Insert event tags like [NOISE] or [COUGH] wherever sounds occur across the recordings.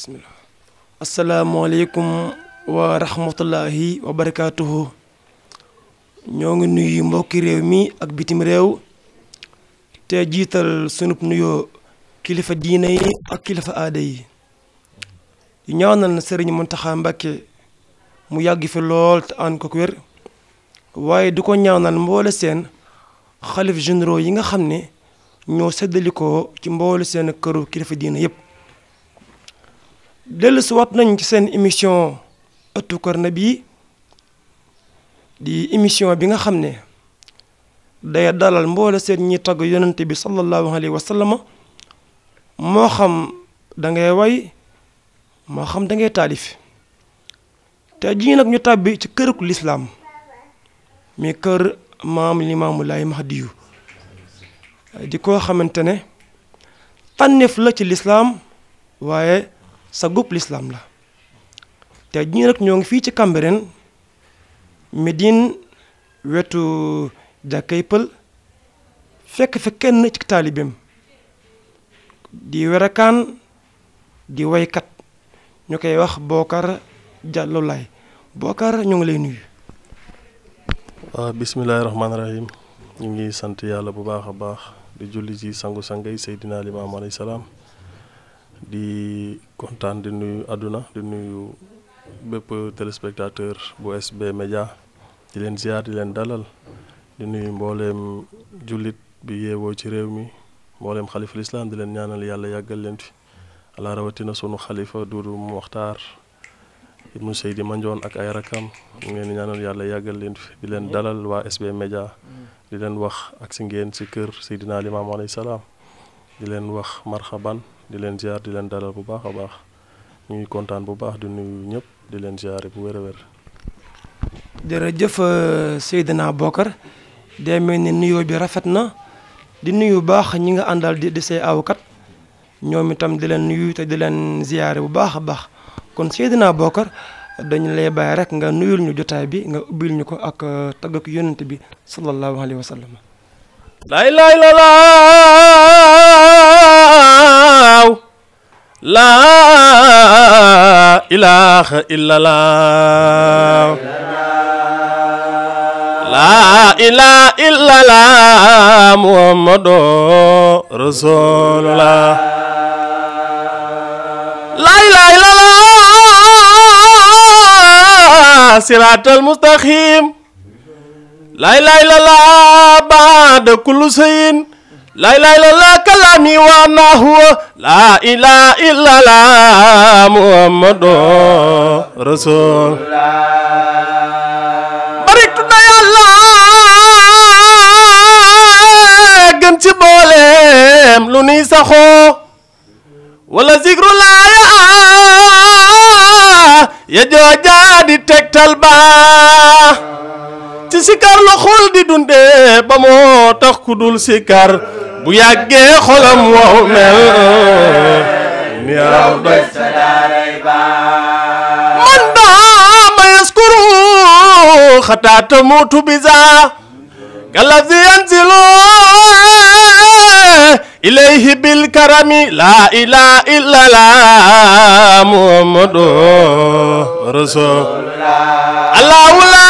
bismillah asalaamaaleykum wa rahmatullahi wa barakaatuhu ñoo ngi nuyu mbokki réew mi ak bitim réew te jiital sunub nuyoo kilifa diina yi ak kilifa aada yi yu ñaanal na sëriñ Muntaxa Mbàkke mu yàgg fi lool te ànd ko waaye du ko ñaanal mboole seen xalif généraux yi nga xam ne ñoo seddalikoo ci mboole seen këru kilifa diina yépp dellusiwaat nañ ci seen émission ëttu Kër Nabi di émission bi nga xam ne day dalal mboole seen ñi tagg yonante bi sallallahu alayhi wa sallam moo xam dangay way moo xam dangay ngay taalif te ji nag ñu tàbbi ci këruk lislaam mi kër maam Limaamu Laay Mahdiyu di koo xamante ne tànneef la ci lislaam waaye sa gub lislaam la te ñi nag ñoo ngi fii ci Cambérène Médine wetu jàkkay pël fekk fa kenn ci taalibeem di werakaan di waykat ñu koy wax Bocar Diallo Laye Bocar ñu ngi lay nuyu waaw bismillaahi rahmaani ñu ngi sant yàlla bu baax a baax di julli ci sangu-sangay Seydina Limaam alayhi salaam di kontaan di nuyu àdduna di nuyu bépp téléspectateur bu SB Média di leen ziar di leen dalal di nuyu mbooleem jullit bi yeewoo ci réew mi mbooleem xalifa lislaam di leen ñaanal yàlla yàggal leen fi ala rawatina sunu xalifa Duudu Muxtaar ibnu Seydi Mandione ak ay rakam ñu ngeen ñaanal yàlla yàggal leen fi di leen dalal waa SB Média di leen wax ak si ngeen si kër Seydina Limaamu alayhi salaam di leen wax marxaban di leen ziar di leen dalal bu baax a baax ñu kontaan bu baax di nuyu ñëpp di leen ziare bu wér a wér. jërëjëf euh, Seydina Bokar day mel ni nuyoo bi rafet na di nuyu baax ñi nga àndal di di say awkat ñoom itam di leen nuyu te di leen ziare bu baax a baax kon Seydina bokkar dañu lee bàyyi rek nga nuyul ñu jotaay bi nga ubbil ñu ko ak euh, tagg ak yonent bi sallallahu alayhi wa sallam. laa ilaaha illallaaw laa ilaaha illallaaw laa ilaaha illallaaw muhammadu rasuulullaah laa ilaaha illallaaw siraatal mustaqiim laay laay la laa baada kullu sayin laay laay la laa kalaami wa naa huwa laa ilaa illa laa muhammadu rasul baritu na yàlla gën ci booleem lu nuy saxoo wala zikru laa ya jooja di tegtal ci sikar la xol di dundee ba moo tax ku dul sikar bu yàggee xolam wow mel ni aw doj man daa ma yaskuru xataa tamuutu bizaa galazi yanzilu ilayhi bil karami laa ilaaha illallaah muhammadu rasulullah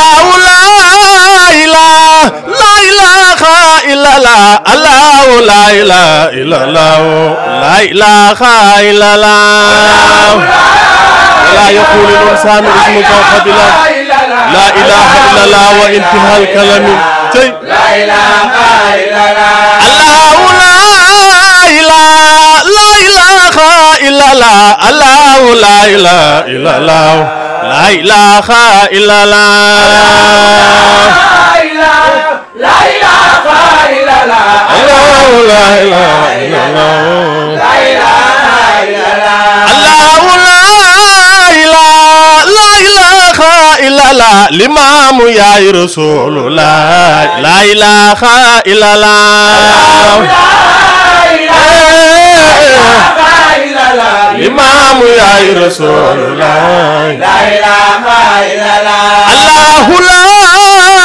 la ilaha illallah allahu la ilaha illallah la ilaha illallah ولا يقول الإنسان اسمك قبلا لا إله إلا الله وانتهى الكلام لا إله إلا الله لا إله لا إله إلا الله الله لا إله إلا الله la ilaha illallah la ilaha illallah la ilaha illallah la ilaha illallah limaamu yaay rasulullah imaamu yaay rasulullah la ilaha illallah allahu la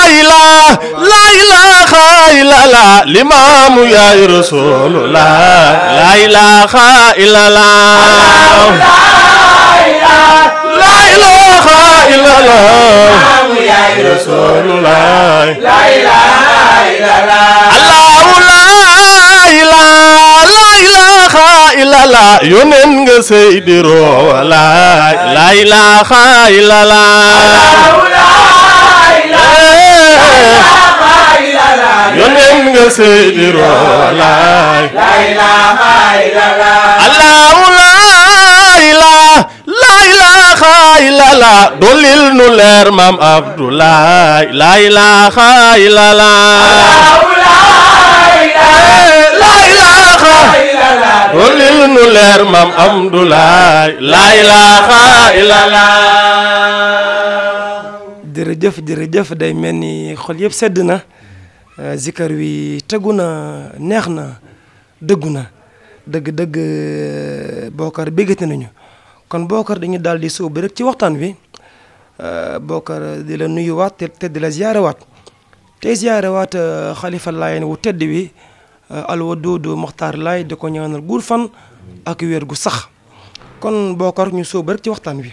ilaha la ilaha illallah limaamu yaay rasulullah la ilaha illallah la ilaha illallah imaamu yaay rasulullah la ilaha illallah ilala yónneen nga Seydi Rouhou Laye la ilaha ilala yónneen nga leer maam Abdoulaye la ilaha illallah الحمد لا لا إله إلا الله jërëjëf jërëjëf day mel ni xol yëpp sedd na euh, zikar wi tegu na neex na dëggu na dëgg-dëgg euh, bookar béggati nañu kon bookar dañu daal di sóobu rek ci waxtaan wi euh, bookar di la nuyuwaat te di la ziyaarewaat tey ziyaarewaat xalifa laayeen wu tedd wi alwaduudu Maxtaar Laay di ko ñaanal guur fan ak wér gu sax kon Bocar ñu sóobu rek ci waxtaan wi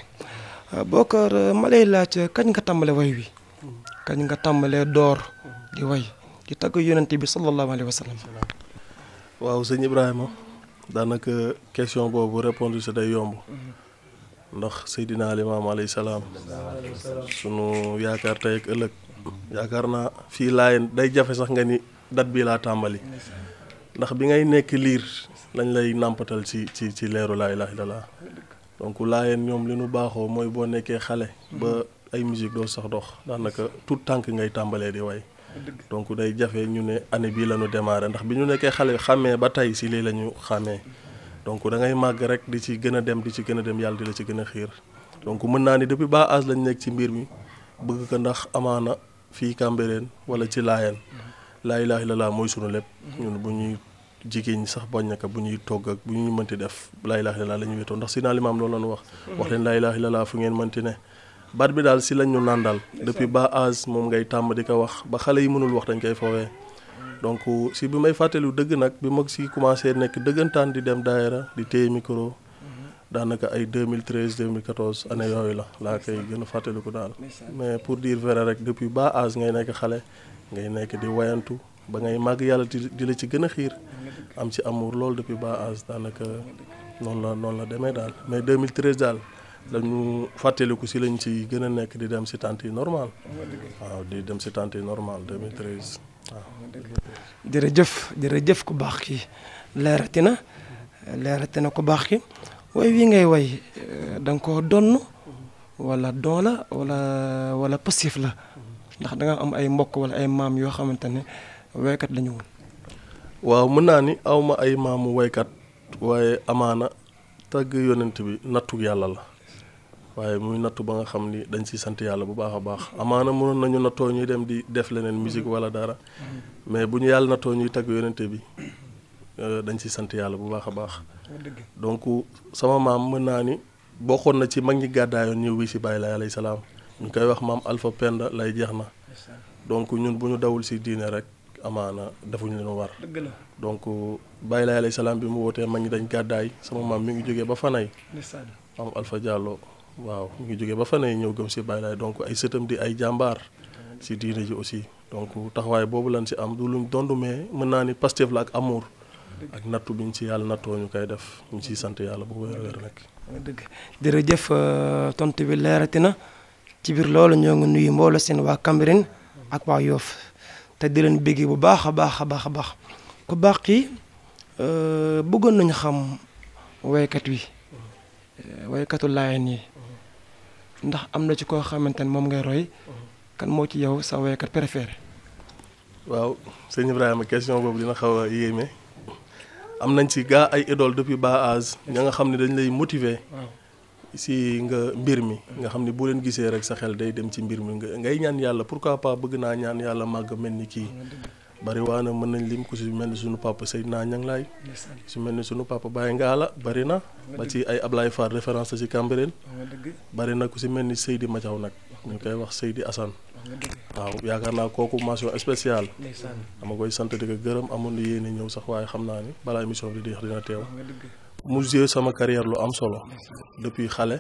Bocar ma laaj kañ nga tàmbale way wi kañ nga tàmbalee door di way di tagg yonente bi sallallahu waaw sëñ Ibrahima daanaka question boobu day yomb ndax Seydina Limaam alayhi salaam sunu yaakaar tey ak ëllëg yaakaar naa fii laay day jafe sax nga ni dat bii laa tàmbali ndax bi ngay nekk liir lañ lay nàmpatal ci ci ci leeru laa ilaaha illallaah donc laayeen ñoom li nu baaxoo mooy boo nekkee xale ba ay musique doo sax dox daanaka tout tànk ngay tàmbalee di way donc day jafe ñu ne année bii la ñu démarré ndax bi ñu nekkee xale xàmmee ba tey si lee la ñu xàmmee donc da ngay màgg rek di ci gën a dem di ci gën a dem yàlla di la ci gën a xiir donc mën naa ni depuis bas âge lañ nekk ci mbir mi bëgg ko ndax amaana fii Cambérène wala ci laayeen laa ilaaha illallaah mooy sunu lépp jigéen ñi sax bañ naka bu ñuy togg ak bu ñuy mënti def laa ilaaha illallaah la ñu wéetoo ndax si naa limaam loolu lañu wax mm-hmm. wax leen laa ilaaha illallaah fu ngeen mënti ne baat bi daal si lañ ñu naan daal depuis ba âge moom ngay tàmm di ko wax ba xale yi mënul wax dañ koy foowee donc si bi may fàttaliwu dëgg nag bi mag si commencé nekk dëggantaan di dem daayira di téye micro mm-hmm. daanaka ay 2013 2014 année yooyu la laa koy gën a fàttaliku daal mais pour dire vrai rek depuis ba âge ngay nekk xale ngay nekk di wayantu ba ngay màgg yàlla di la ci gën a xiir am ci amour loolu depuis bas âge daanaka noonu la noonu la demee daal mais 2013 daal lañu fàttaliku si lañ ci gën a nekk di dem si tente yi normal waaw di dem si tente yi normal 2013 waaw. jërëjëf jëf ko baax ki leerati na leerati na ku baax ki way wi ngay way eh, da nga koo donn wala doon la wala wala passif la ndax da nga am ay mbokk wala ay maam yoo xamante ne. waykat lañu waaw mën naa ni aw ma ay maamu waykat waaye amaana tagg yonent bi nattu yàlla la waaye muy nattu ba nga xam ni dañ si sant yàlla bu baax a baax amaana mënoon nañu nattoo ñuy dem di def leneen musique wala dara mais bu ñu yàlla nattoo ñuy tagg yonent bi euh, dañ si sant yàlla bu baax a baax donc sama maam mën naa ni bokkoon na ci mag ñi gàddaayoon ñëw wi si bàyyi la alayhi salaam ñu koy wax maam Alpha Penda lay jeex na donc ñun bu ñu dawul si diine rek amaana defuñu leen war. dëgg la donc bàyyi laa alayhi salaam bi mu wootee mag ñi dañ gàddaay sama maam mi ngi jógee ba Fanay. ndeysaan am Alpha Diallo waaw mu ngi jógee ba Fanay ñëw gëm si bàyyi laay donc ay sëtam di ay jàmbaar. si diine ji aussi donc taxawaay boobu lañ si am du luñ dondu mais mën naa ni Pastef la ak amour. ak nattu bi ñu si yàlla nattoo ñu koy def ñu siy sant yàlla bu wér wér nag. dëgg jërëjëf euh, tontu bi leerati na ci biir loolu ñoo ngi nuyu mbooloo seen waa Cambérène ak waa te di leen béggee bu baax a baax a baax a baax ku baax yi euh, bëggoon nañu xam waykat wi euh, waykatu Laayeen yi ndax am na ci koo xamante ne moom ngay roy kan moo ci yow sa waykat préféré. waaw sëñ Ibrahima question boobu dina xaw a yéeme am nañ ci gaa ay idole depuis baax as ña nga xam ne dañ lay motiver. si nga mbir mi nga xam ne boo leen gisee rek sa xel day dem ci mbir mi nga ngay ñaan yàlla pourquoi pas bëgg naa ñaan yàlla màgg mel ni kii waa waana mën nañ lim ku si mel ni suñu papa Seydina Niang Laay su mel ni suñu papa Baye Ngala bari na ba ci ay Ablaye Fall référence la si bari na ku si mel ni Seydi Mathiaw nag ñu koy wax sëy Seydi Assane waaw yaakaar naa kooku mention spéciale dama koy sant di ko gërëm amoon na yéene ñëw sax waaye xam naa ni balaa émission bi dee dina teew mu joué sama carrière lu am solo depuis xale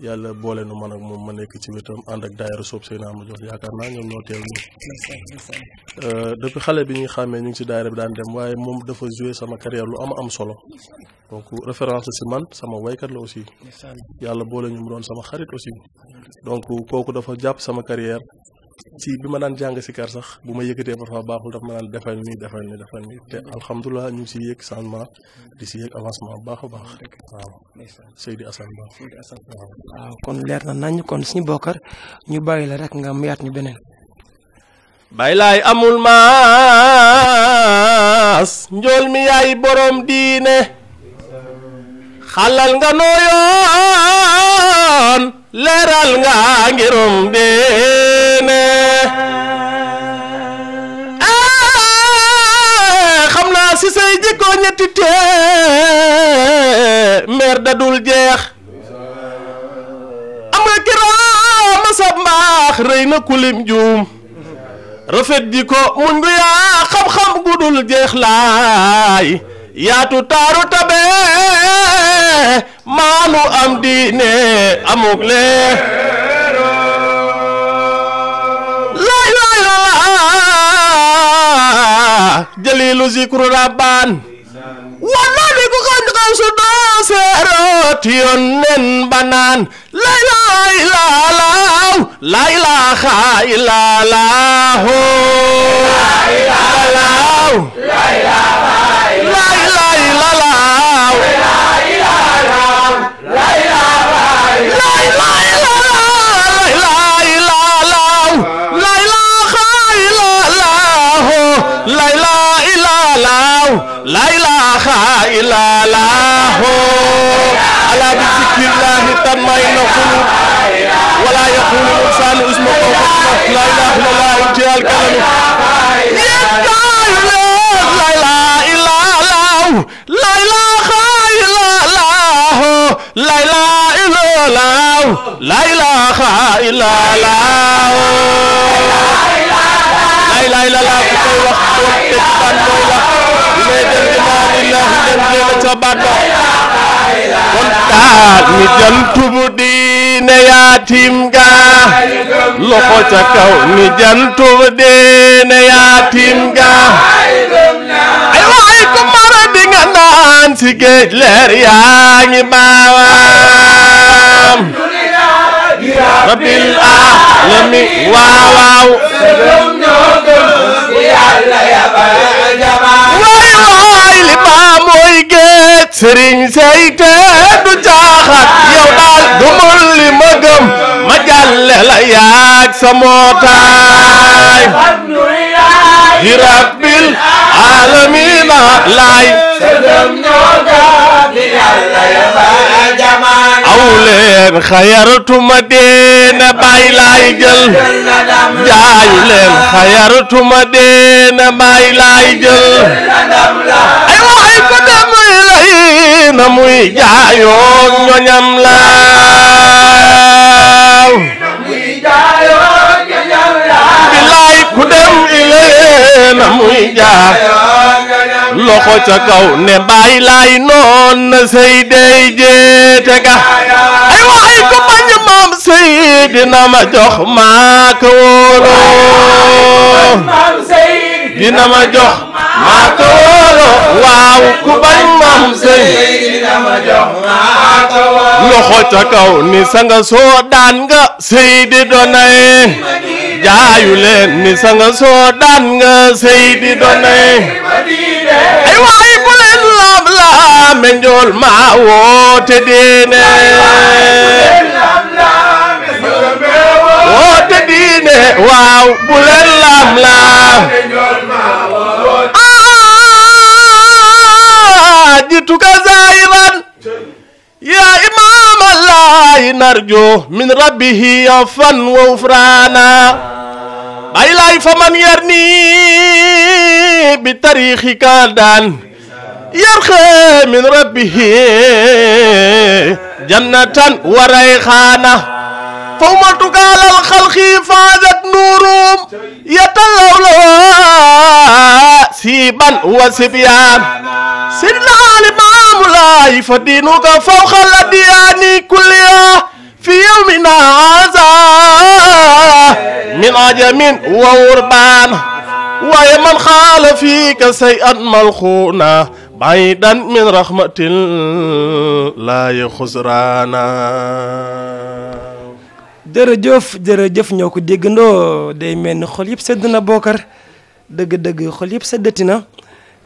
yàlla boole nu man ak moom ma nekk ci wetam ànd ak daayira soob seen am jox yaakaar naa ñoom ñoo teew nii euh, depuis xale bi ñuy xàmmee ñu ngi ci daayira bi daan dem waaye moom dafa joué sama carrière lu am am solo donc référence si man sama waykat la aussi yàlla boole ñu mu doon sama xarit aussi donc kooku dafa jàpp sama carrière ci bi ma daan jàng sikar sax bu ma yëkkatee parfois baaxul ma daan defal nii defal nii defal nii te alhamdulilah ñu si yëg changement di si yëg avancement bu baax a baax waaw Seydi Assane Ba waaw kon leer na nañ kon suñu bokkar ñu bàyyi la rek nga muyaat ñu beneen bay laay amul maas njool mi yaay borom diine xalal nga nooyoon leeral nga ngirum dee na ah, xam naa ci say jikko ñetti tee meer da dul jeex am nga kiraama sa mbaax rëy na kulim juum rafet ji ko muñ gu yaa xam-xam gudul jeex laay yaatu taaru tabe maanu am diine amuk lee jalilu zikru rabbaan walla ku xañ xaw su dooseeroot yoon nen banaan lay laay laalaaw lay laa ala bi zikrillahi tatma'innu qulub wala yaqulu insanu isma fawqa la ilaha illallah wa tiyal kalam la ilaha illallah la ilaha illallah la ilaha illallah la ilaha illallah la ilaha illallah ku koy wax toog teg baat mooy la ngay dem ginnaaw lillahi dem jëla ca baat ba mi jantubu diine yaatim ga loxo ca kaw mi jantubu diine yaatim ga ay waay di nga naan si géej leer yaa ngi baawaam rabbil aalami waaw waaw sëriñ sayte du caaxaan yow daal gëmal li ma gëm ma jàlle la yaag sa mootaay di rabbil alamina laay sëdëm ñoo gaadi yàlla yaba jamaan aw leen xayartuma deena bàyyi laay jël jaay leen xayartuma deena bàyyi laay jël ay waay ko dem lay na muy jaayoog ñoñam laaw bilaay ku dem ilay na muy jaar loxo ca kaw ne bàyyi laay noon na sey dey jeete ga ay waxay ko bañ maam sey dina ma jox maa ko wóoroo dina ma jox maa ko wóoloo waaw ku bañ maam sëy dina ma jox maa ko wóoloo loxo ca kaw ni sanga soo nga sëy di donayee jaayu leen ni sanga soo nga sëy di donayee ay waay bu leen laam laame njool maa woote diine woote waaw bu leen laam laam aa ah, jituka zaayiran yaa imaama laahi narjo min rabbihi afan wa ufraana bay laay fa man yarni bi tariixi ka daan yarxe min rabbihi jannatan wa rayxaana فومتك على الخلق فازت نورهم يتلولوا سيبا وسبيان سر العالم لاي فدينك فوق الديان كلها في يومنا هذا من عجم ووربان ويمن خال فيك شيئا ملخونا بعيدا من رحمة لا يخسرانا jërëjëf jërëjëf ñoo ko déggandoo day mel ni xol yëpp sedd na bookar dëgg-dëgg xol yëpp seddati na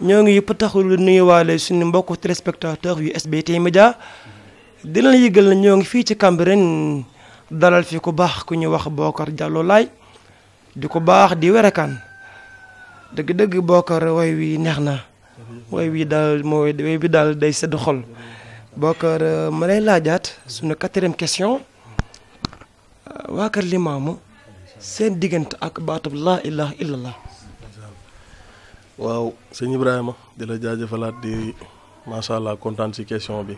ñoo ngi yëpp taxul nuyuwaale suñu mbokku téléspectateur yu SBT Média di leen yëgal na ñoo ngi fii ci Cambérène dalal fi ku baax ku ñuy wax Bocar Diallo di ko baax di werekaan dëgg-dëgg Bocar way wi neex na way wi daal mooy way bi daal day sedd xol Bocar ma lay laajaat suñu quatrième question waa kër limaamu seen diggante ak baatub laa ilaha illallah waaw sëñ Ibrahima di la jaajëfalaat di macha allah kontaan ci question bi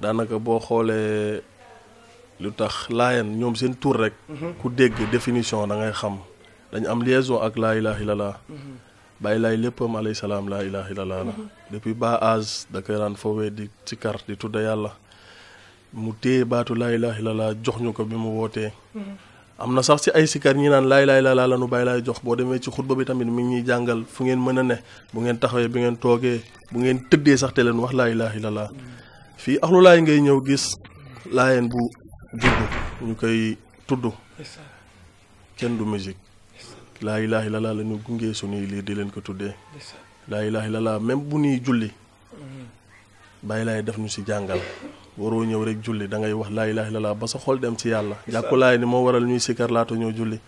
daanaka boo xoolee lu tax laayan ñoom seen tur rek. ku dégg définition da ngay xam dañu am liaison ak laa ilaha illallah. bàyyi laay léppam alayhi salaam laa ilaha illallah la. depuis bas âge da koy daan foowee di ci kar di tudda yàlla. mu téye baatu laay ilaaha lalaa jox ñu ko bi mu wootee hmm. am na sax ci ay sikar ñi naan laay laay laa lanu bàyyi laay jox boo demee ci xutba bi tamit mi ngi ñuy jàngal fu ngeen mën a ne bu ngeen taxawee bu ngeen toogee bu ngeen tëddee sax te leen wax laay ilaaha illallaah hmm. fii axlu laay ngay ñëw gis laayeen bu juddu ñu koy tudd kenn du musique laa ilaaha illallaah la ñu gungee suñuy liir di leen ko tuddee laa ilaaha illallaah même bu ñuy julli hmm. bàyyi laay def ñu ci jàngal waroo ñëw rek julli da ngay wax laa ilaaha illallaah ba sa xol dem ci yàlla jàkkulaay ni moo waral ñuy sikkar laata ñoo julli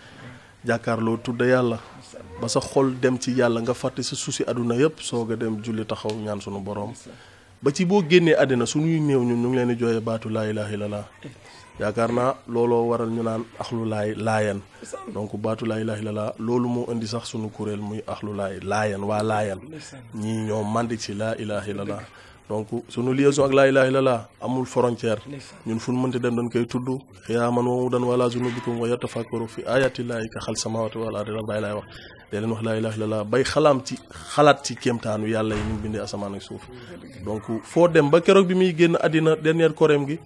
jàkkaarloo tudd yàlla ba sa xol dem ci yàlla nga fàtte sa suusi àdduna yépp soog a dem julli taxaw ñaan sunu boroom ba ci boo génnee àddina su néew ñun ñu ngi leen di jooyee baatu laa ilaaha illallaah yaakaar naa looloo waral ñu naan axlu laay laayan donc baatu laa ilaaha illallaah loolu moo indi sax sunu kuréel muy axlu laayan waa laayan ñii ñoo màndi ci laa ilaaha donc suñu liaison ak laa la laa amul frontière ñun fu nu mënti dem dañ koy tudd xiyaaman wa mu dan wala zunubikum wa yatafakkaru fi ayatillaahi ka xal samawaati wal ardi bay laay wax dee leen wax laa ilaaha illallaah bay xalaam ci xalaat ci kéemtaanu yàlla yi ñu bindee asamaan ak suuf donc foo dem ba keroog bi muy génn àddina dernier koreem gi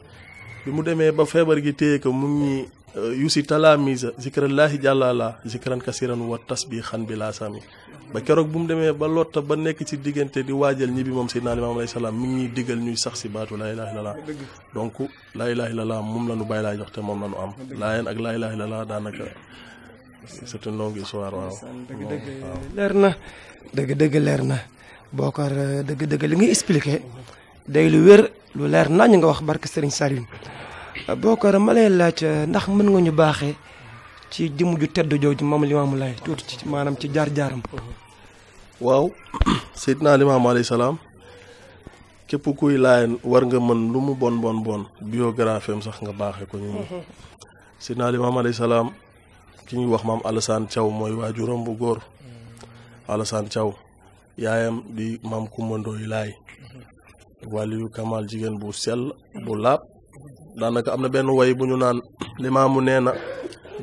bi mu demee ba feebar gi téye ko mu ngi euh, yusi talaamisa zikrallaahi jàllala zikran kasiran wa tasbihan bi laa sami ba keroog bu mu demee ba lotta ba nekk ci diggante di waajal ñibbi moom Seydina Limaamu alayhi salaam mi ngi ñuy diggal ñuy sax si baatu laa ilaaha illallah donc laa ilaaha illallah moom la ñu bàyyi laa jox te moom la ñu am laayeen ak laa ilaaha illallah daanaka c'est une longue leer na dëgg-dëgg leer na Bocar euh, dëgg-dëgg li nga expliqué lu wér lu leer nañu nga wax barke Serigne Saliou euh, Bocar ma lay laaj euh, ndax mën nga ñu baaxee ci jëmm ju tedd jooju moom li Limaamu Laay tuuti maanam ci jaar-jaaram uh-huh. waaw [CLEARS THROAT] Seydina Limaamu alayhi salaam képp kuy laayan war nga mën lu mu bon bon bon biographie am sax nga baaxee ko ñu [LAUGHS] Seydina Limaamu alayhi salaam ki ñuy wax maam Alassane Thiaw mooy waajuram bu góor mm. Alassane Thiaw yaayam di maam kumbandoo yi laay mm-hmm. wàlliyu Kamal jigéen bu sell bu laab daanaka am na benn way bu ñu naan limaamu nee na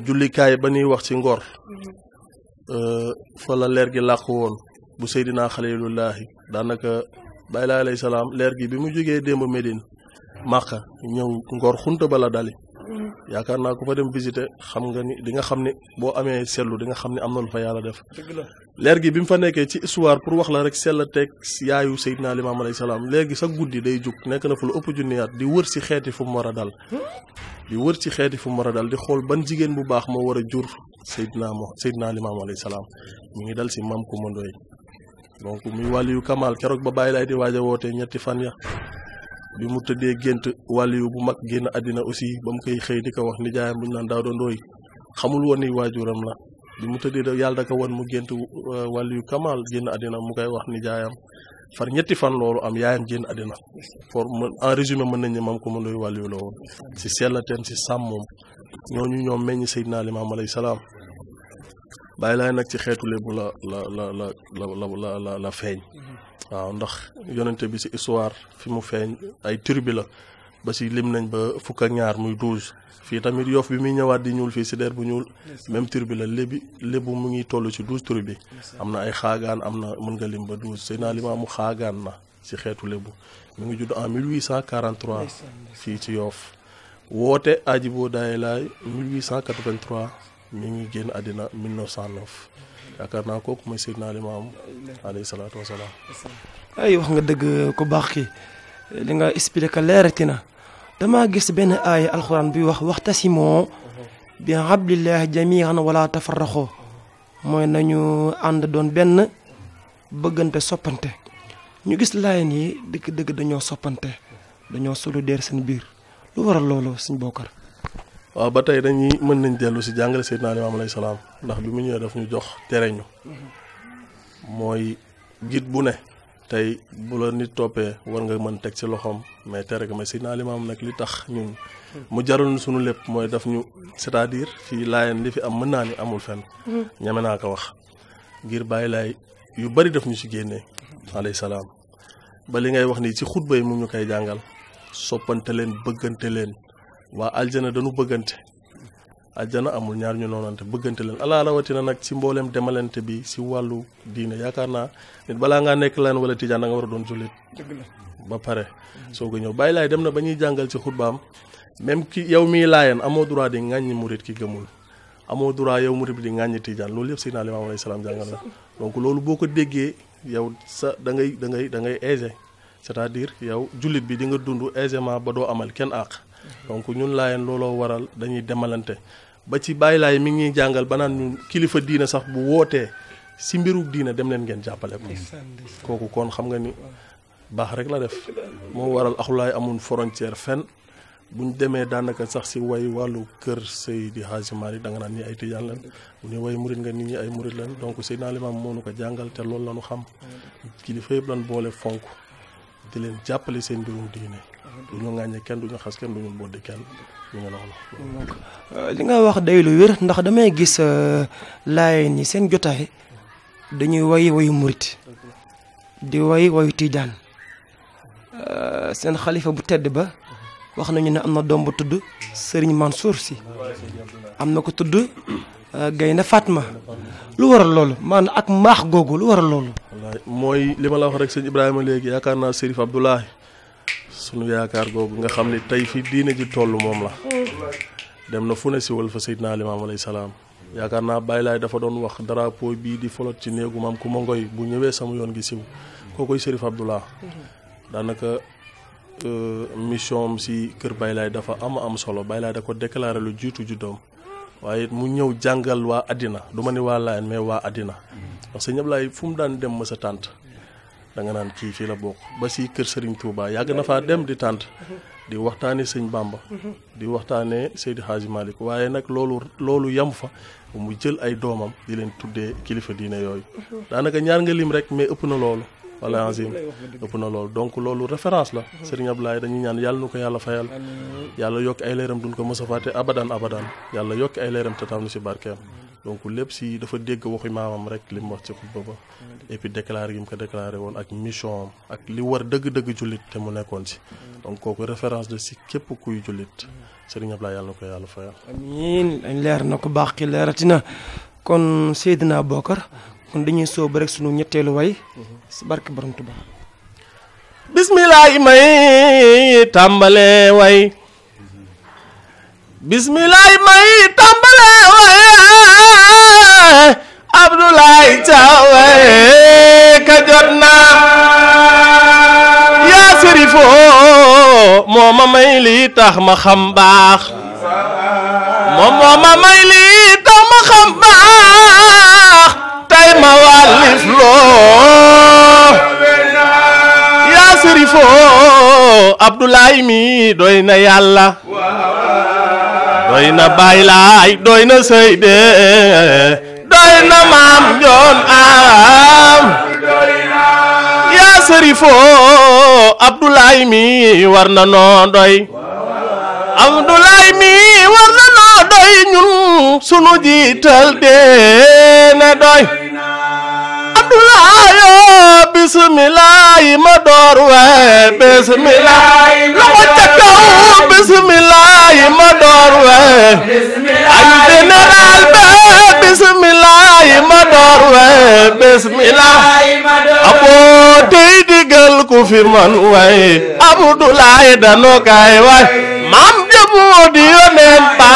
jullikaay ba ñuy wax ci ngor mm-hmm. euh, fa la leer gi làqu woon bu Seydina Xalilullaahi daanaka bàyyi laa alayhi salaam leer gi bi mu jógee démb Médine Màkka ñëw Ngor xunta ba la dali mm-hmm. yaakaar naa ku fa dem visiter xam nga ni di nga xam ni boo amee seetlu di nga xam ni am na lu fa yàlla def leer gi bi mu fa nekkee ci histoire pour wax la rek sell teg yaayu Seydina Limaam alayhi salaam leer gi sag guddi day jug nekk na fa lu ëpp junniyaat di wër si xeeti fu mu war a dal hmm? di wër ci xeeti fu mu war a dal di xool ban jigéen bu baax moo war a jur Seydina mo Seydina Limaam alayhi salaam mi ngi dal si maam ko mëndooy donc muy wàlliyu Kamal keroog ba bàyyi laay di waaj a woote ñetti fan ya bi mu tëddee gént wàlliyu bu mag génn àddina aussi ba mu koy xëy di ko wax nijaayam bu ñu naan daaw dondooy xamul woon ni waajuram la bi mu tëddee da yàlla da ko mu gént euh, wàlliyu Kamal génn àddina mu koy wax nijaayam far ñetti fan loolu am yaayam génn àddina for en résumé mën nañ ne maam ko mën doy wàlliyu la woon si sellateem si sàmmoom ñooñu ñoom meññ Seydina Limaam alayhi salaam bàyyi laay nag ci xeetu lébu la la la la la la feeñ mm-hmm. waaw ndax yonente bi si histoire fi mu feeñ ay turbi la ba si lim nañ ba fukk ak ñaar muy douze fii tamit yof bi muy ñëwaat di ñuul fii si der bu ñuul même turbi la lébi lébu mu ngi toll si douze turbi am na ay xaagaan am na mën nga lim ba douze sëy naa limaa mu xaagaan na si xeetu lébu mu ngi judd en 1843 fii ci yoof woote aji boo daay laay 1883 mi ngi génn àddina 1909 yaakaar naa kooku mooy Seydina Limaamu alayhi salaatu wa ay wax nga dëgg ku baax ki li nga expliqué leerati na dama gis benn aaya alxuraan bi wax si waxtasimoo bi hablillahi jamian wala tafarraxoo mooy nañu ànd doon benn bëggante soppante ñu gis laayeen yi dëgg-dëgg dañoo soppante dañoo solidaire seen biir lu waral loolu suñ bokkar waaw ba tey dañuy mën nañ dellu si jàngale Seydina Limaam alayhi salaam ndax bi mu ñëwee daf ñu jox tere ñu mooy git bu ne tey bu la nit toppee war nga mën teg ci loxoom mais tere gi mais Seydina Limaam nag li tax ñu mu jaral sunu lépp mooy daf ñu cest à fii laayeen li fi am mën naa ni amul fenn ñeme naa ko wax ngir bàyyi laay yu bari daf ñu ci génnee alayhi salaam ba li ngay wax nii ci xutba yi mu ñu koy jàngal soppante leen bëggante leen waa aljana dañu bëggante aljana amul ñaar ñu noonante bëggante leen ala rawatina nag ci mbooleem demalante bi si wàllu diine yaakaar naa nit balaa ngaa nekk lan wala tijaan da nga war a doon jullit ba pare soo ko ñëw bàyyi laay dem na ba ñuy jàngal ci xutbaam même ki yow mii laayeen amoo droit di ŋàññi murit ki gëmul amoo droit yow murit bi di ŋàññi tijaan loolu yëpp Seydina Limaamu alayhi jàngal na donc loolu boo ko déggee yow sa da ngay da ngay da ngay aisé c'est-à-dire yow jullit bi di nga dund aisément ba doo amal kenn àq donc ñun laayeen looloo waral dañuy demalante ba ci bàyyi laay mi ngi jàngal ba naan ñun kilifa diina sax bu wootee si mbiru diina dem leen ngeen jàppale ko kooku kon xam nga ni baax rek la def moo waral axulaay amul frontière bu buñ demee daanaka sax si way wàllu kër Seydi Hadji Malick da nga naan ñi ay tijaan lan bu ñu way murit nga nit ñi ay murit lan donc Seydina Limaam moo nu ko jàngal te loolu la ñu xam kilifa yëpp lan boole fonk di leen jàppale seen mbirum du ñu ŋàññi kenn du ñu xas kenn du ñu boddi kenn ñu ngi noonu. Euh, li nga wax day lu wér ndax damay gis euh, laay ni seen jotaay dañuy woy wayu murit di way wayu tiijaan euh, seen xalifa bu tedd ba wax nañu ne am na doom bu tudd Serigne Mansour si am na ko tudd Gaynde Fatma lu waral loolu maanaam ak maax googu lu waral loolu. mooy li ma la wax rek sëñ Ibrahima léegi yaakaar naa Serif Abdoulahi sunu yaakaar googu nga xam ne tey fi diine ji toll moom la mm. dem na fu ne siwal fa Seydina Limaam alayhi salaam yaakaar naa Baay Laay dafa doon wax drapeau bii di folot ci néegu maam ku ma ngoy bu ñëwee sama yoon gi siw kookoy Sërif Abdullah mm-hmm. daanaka euh, mission si kër Baay Laay dafa am am solo Baay Laay da ko déclaré lu jiitu juddoom waaye mu ñëw jàngal waa àddina du ma ni waa mais waa àddina mm-hmm. ndax que ñëpp laay fu mu daan dem ma tànt da nga naan kii fii la bokk ba si kër Serigne Touba yàgg na faa dem di tànt di waxtaane sëñ Bamba di waxtaane Seydi Hadji Malick waaye nag loolu loolu yam fa mu jël ay doomam di leen tuddee kilifa diine yooyu daanaka ñaar nga lim rek mais ëpp na loolu wala azim ëpp na loolu donc loolu référence la Serigne laay dañuy ñaan yàlla nu ko yàlla fayal yàlla yokk ay leeram duñ ko mos a fàtte abadan abadan yàlla yokk ay leeram te tam nu barkeem donc lépp si dafa dégg waxi maamam rek li mu wax ci xutba ba mm. et puis déclaré yi mu ko déclaré woon ak mission am ak li war dëgg-dëgg jullit te mu nekkoon si mm. donc kooku référence de si képp kuy jullit mm. Serigne Abdoulaye yàlla na ko yàlla fayal amiin leer na ko baax leerati na kon Seydina Bokar kon dañuy soob rek sunu ñetteelu way si mm-hmm. barke borom Tuubaa bismillah may tàmbale way bismillaay may tàmbale waaye Abdoulaay Thiaw ka jot naa yaa sërifoo moo ma may tax ma xam moo ma may tax ma xam baax ma wàllif loo yaa sërifoo Abdoulaay mi doy na yàlla doy na baay laay doy na sëy bee doy na maam joon am yaa sërifoo Abdoulaye mi war na noo doy Abdoulaye mi war na noo doy ñun sunu jiital dee na doy abdulayo bisimilah ma door wee bisimilah loxo ca kaw bisimilah ma door wee ak général be bisimilah ma door wee bisimilah aboo tey digal ku fi man way abdulaay dano kay way maam jëmu di yoneen ba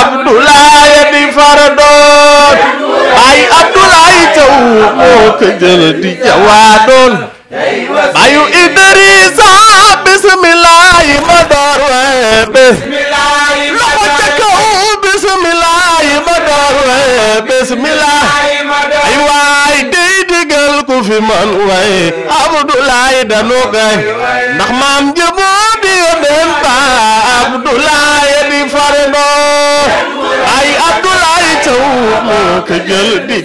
abdulaay di far doon baayu Abdoulaye Thiaw moo ko jël di jawaadoon baayu Idrissa bismillah ma door weebe loxo ca kaw bismillah ma door weebe bismillah ay waay dey digal ku fi man way Abdoulaye danu gay ndax maam jëmoo di yónneen ba Abdoulaye moo ko ca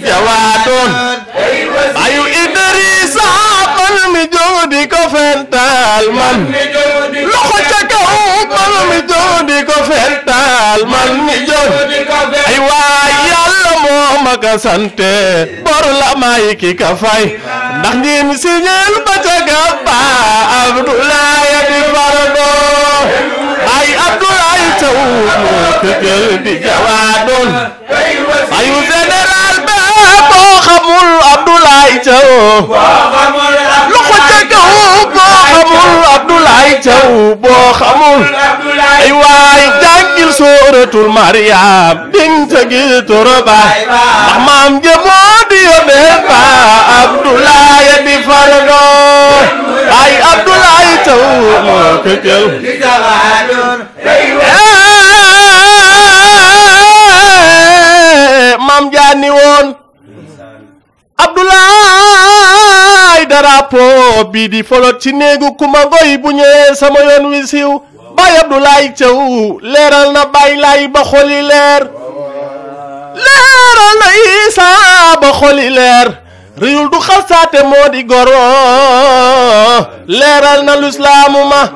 kaw man mi ko fentaal man mi jóg ay waay yàlla moo ma ko sante bor la may ki ka fay ndax ñin siñel ba ca gàppa Abdoulaye ku jël bi jawaadun ayu général ba boo xamul Abdoulaye Thiaw lu ko ca kaw boo xamul Abdoulaye Thiaw boo xamul ay waay jàngil sooratul Mariam dinta gi toroba ndax maam jëmoo di yóbbee ba Abdoulaye di farado ay Abdoulaye Thiaw moo ko jël ni woon Abdoulaye darapo bi di folot ci néegu kuma goy bu ñëwee sama yoon wi siiw Baye Abdoulaye leeral na Baye Laay ba xoli leeral na Isaa ba xoli leer réyul du xasaate moo di goro leeral na lislaamu ma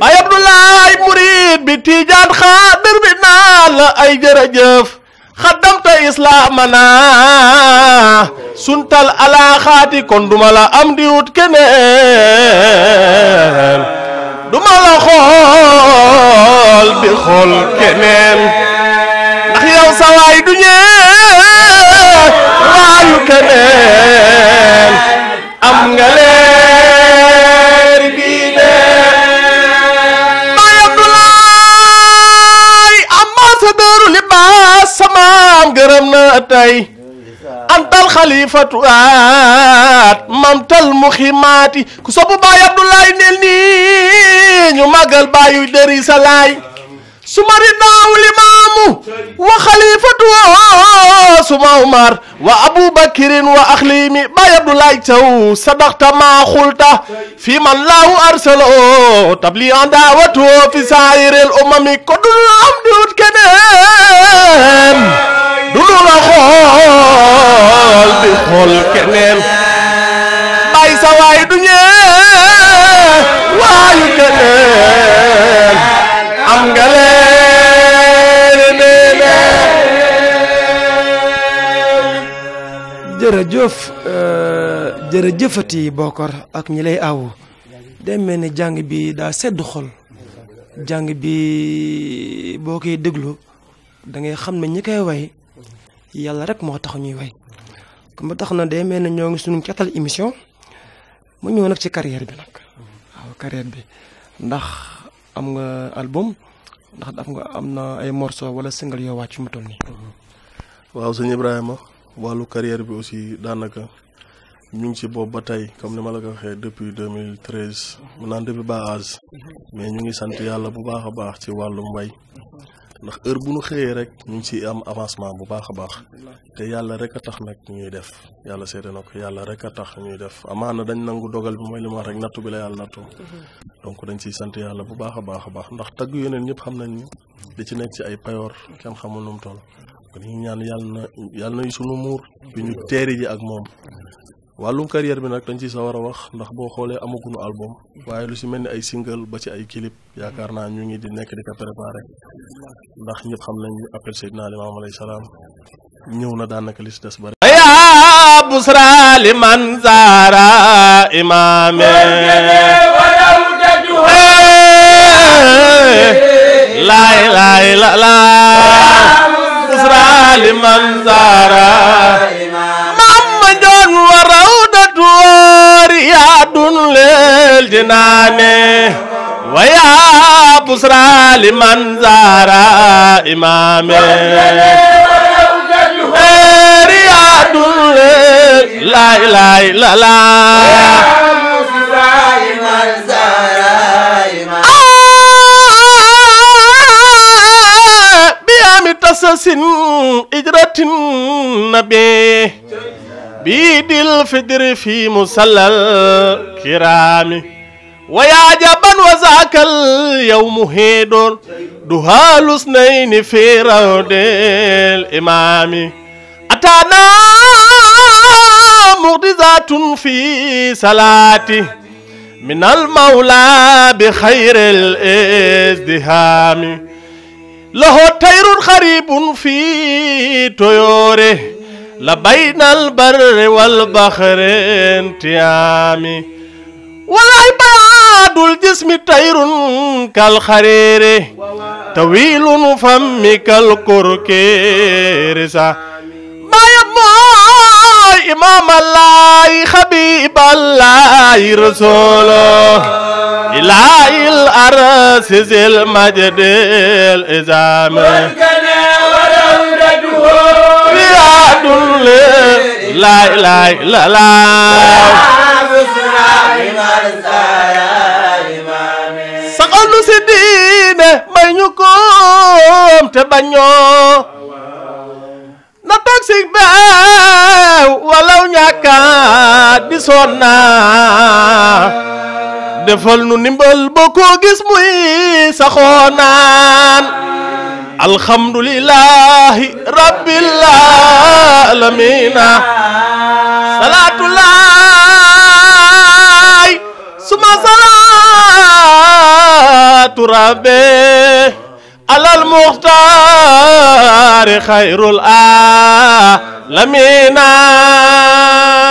Baye Abdoulaye murid bi tiijaan xaadir bi naan la ay jërëjëf xaddamta islaamana suntal ala kon duma la am di wut keneen duma xool di keneen ndax yow sa waay waayu keneen am nga gërëm na tey antal xalifatu aat mamtal muximaati ku sopp baay Abdoulaye nel nii ñu màggal baayu dëri sa laay suma ridnaaw limaamu wa xalifatu suma umar wa abu bakirin wa axlimi baay abdoulaye taw sadaxta maa xulta fi man laahu arsala o tabli an daawatu fi saayiril umami ko dul am dut keneen du dul a xool di xool keneen baay sa waay du ñee waayu keneen yi Bokar ak ñi lay awu day mel ni jàng bi daa sedd xol jàng bi boo koy déglu da ngay xam ne ñi koy way yàlla rek moo tax ñuy way ba tax na de mel ne ñoo ngi suñu catal émission mu ñëw nag ci carrière bi bi ndax am nga album ndax daf nga am na ay morso wala single yoo wàcc mu toll nii. waaw sëñ Ibrahima wàllu carrière bi aussi daanaka. ñu ngi ci boobu ba tey comme ni ma la ko waxee depuis 2013 mu naan depuis base mais ñu ngi sant yàlla bu baax a baax ci wàllu way ndax heure bu nu xëyee rek ñu ngi ciy am avancement bu baax a baax te yàlla rek a tax nag ñuy def yàlla seede na ko yàlla rek a tax ñuy def amaana dañ nangu dogal bi mooy li ma rek nattu bi la yàlla nattu donc dañ ciy sant yàlla bu baax a baax a baax ndax tagg yeneen ñëpp xam nañ ni li ci nekk ci ay payoor kenn xamul nu mu toll yàlla na yàlla na sunu muur bi ñu ak moom wàllum carrière bi nag dañ ci sa war a wax ndax boo xoolee amaguñu album waaye lu si mel ni ay single ba ci ay clip yaakaar naa ñu ngi di nekk di ko préparé ndax ñëpp xam nañ ñu appel Seydina Limaamu alayhi daanaka li si des bari yaa wara الدوار يا دون للجنان ويا بصرى لمن زار إمامي لا إله إلا الله بيام تسسن إجرة النبي بيد الفدر في مسلى الكرام ويا جبا وذاك اليوم هيدر دها الاثنين في روض الإمام أتانا مغدزات في صلاته من المولى بخير الازدهام له طير خريب في طيوره la baynal barri wal baxreen tiyaami walaay bayaadul jismi tayrun kal xareere tawilun fammi kal korkeere sa baayam mooy imaam allaay xabiib allaay rasuulo ilaayil arsi zil majdil izaame لا إله إلا الله سقل سدين بينكم تبنيو نتاك سيبا ولو نياكا دي سونا defal nu ndimbal boo ko gis muy saxoo naan alhamdulillahi rabbil alamin salatullah suma salatu rabbi alal muxtaari xayrul alamina